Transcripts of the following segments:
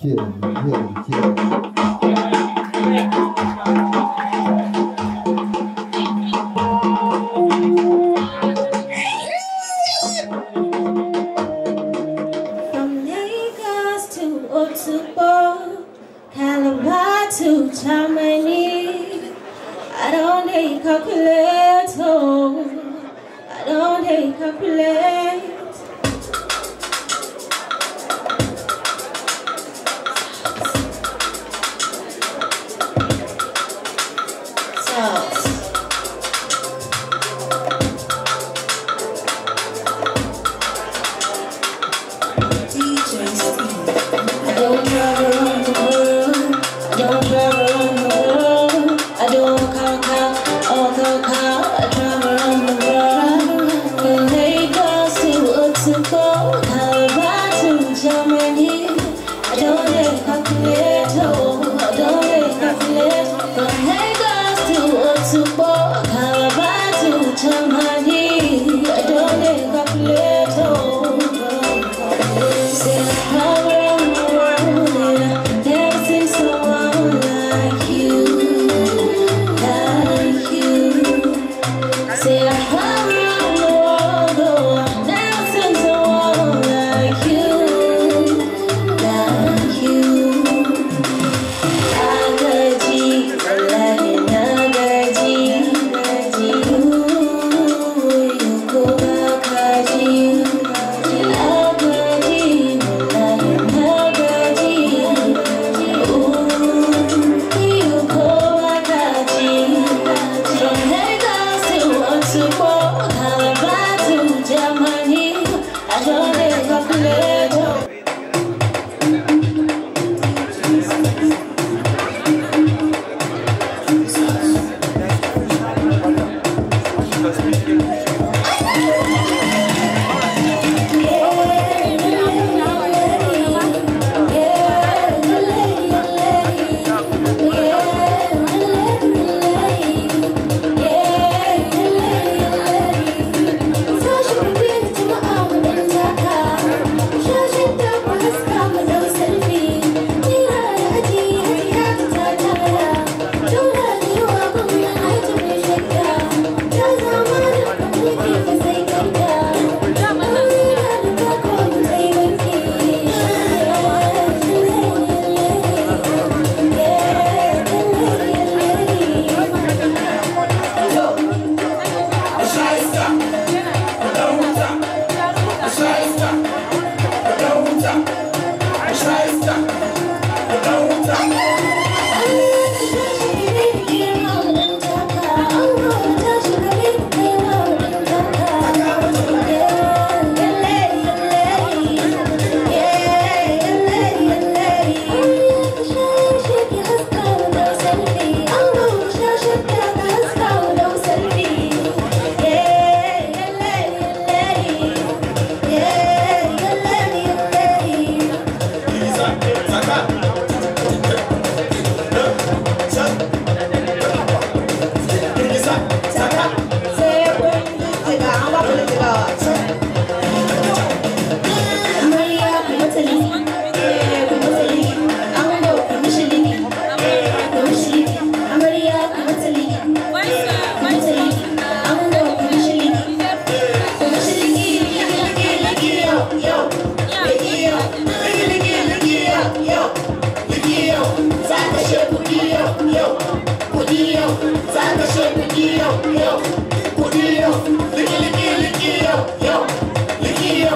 yeah, yeah, yeah. From Lagos to Otubo, Calabar to Germany, I don't need calculator. I don't need calculator. turn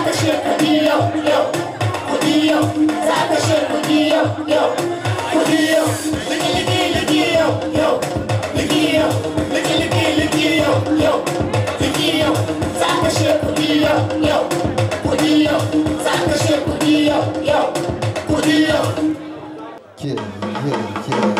Saca shit, Cudillo, yo, Cudillo, yo, Cudillo, licky, licky, licky, yo, yo, Licky, licky, licky, yo, yo, Licky, saca yo, Cudillo, saca shit, yo, Cudillo. Yeah, yeah, yeah.